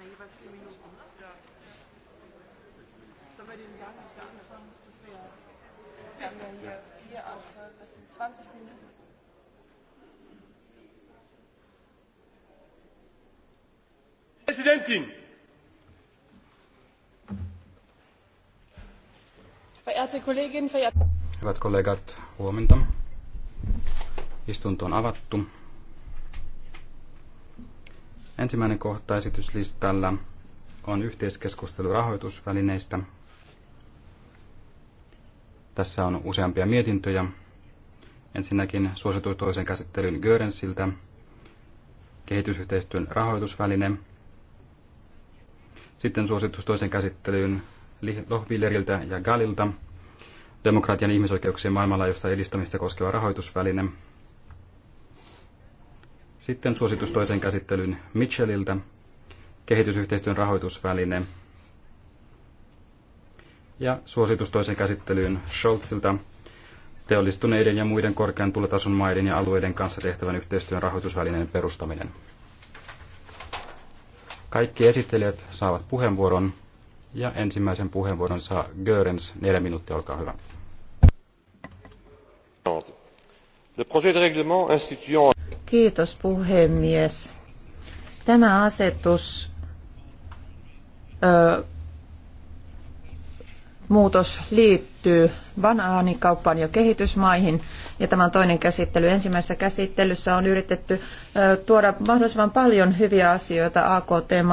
Ja, jeweils vier Minuten. Ne? Ja. Sollen wir denen sagen, dass wir anfangen? Das wäre wir haben ja hier vier, acht, 16, 20 Minuten. Präsidentin! Verehrte Kollegin, verehrte Hyvät kollegat, huomenta. Istunto on avattu. Ensimmäinen kohta esityslistalla on yhteiskeskustelu rahoitusvälineistä. Tässä on useampia mietintöjä. Ensinnäkin suositus toisen käsittelyn Görensiltä, kehitysyhteistyön rahoitusväline. Sitten suositus toisen käsittelyyn Lohvilleriltä ja Galilta, demokratian ihmisoikeuksien maailmanlaajuista edistämistä koskeva rahoitusväline. Sitten suositus toisen käsittelyn Mitchelliltä, kehitysyhteistyön rahoitusväline. Ja suositus toisen käsittelyyn Scholzilta, teollistuneiden ja muiden korkean tulotason maiden ja alueiden kanssa tehtävän yhteistyön rahoitusvälineen perustaminen. Kaikki esittelijät saavat puheenvuoron ja ensimmäisen puheenvuoron saa Görens. Neljä minuuttia, olkaa hyvä. Le projet de règlement instituant Kiitos puhemies. Tämä asetus ö, muutos liittyy banaanikauppaan ja kehitysmaihin. Ja tämä on toinen käsittely. Ensimmäisessä käsittelyssä on yritetty tuoda mahdollisimman paljon hyviä asioita AKT-maiden